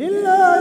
lillah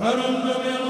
farum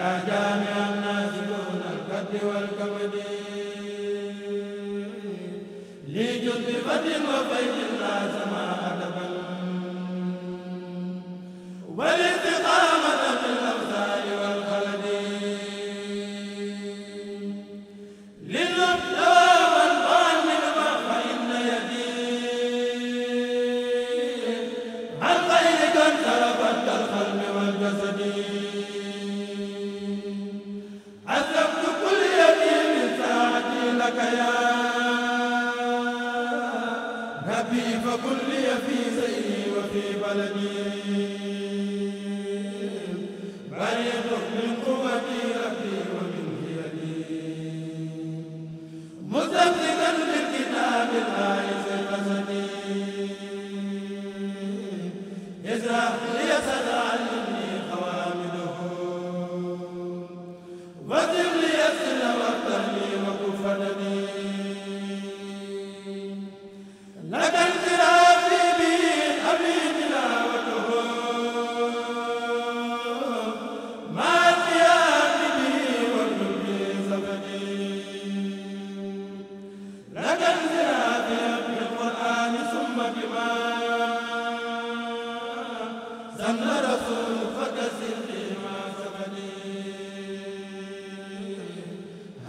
yaa العالمين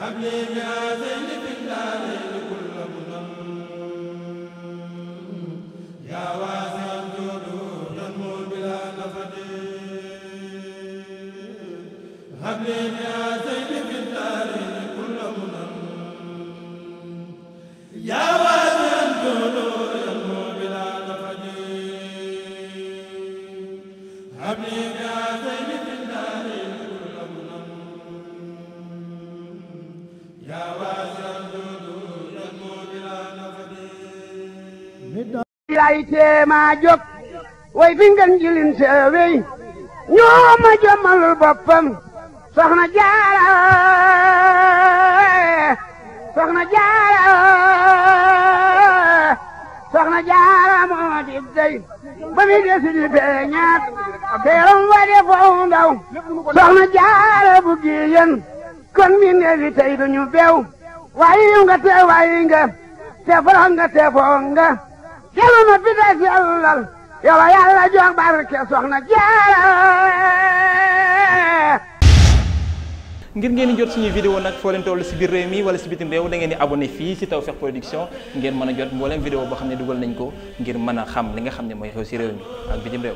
Amin lay teema jóg way fi ngeen jilin seewey ñoo ma jëmalul boppam soxna jaara jaara moo di dey ba mi desi di feeñaat teeram wa de fo ndaw soxna jaara bu kon mi neefi tey duñu beew waaye yow nga te waayi nga te faral nga te foo nga jëlu na bi des yàllal barke soxna jaara ngir ngeen jot suñuy vidéo nag foo leen toll si biir réew mi wala si bitim réew da ngeen di abonné fii si Tawfekh Production ngeen mën a jot mbooleem vidéo boo xam ne dugal nañ ko ngir mën a xam li nga xam ne mooy xew si réew mi ak bitim réew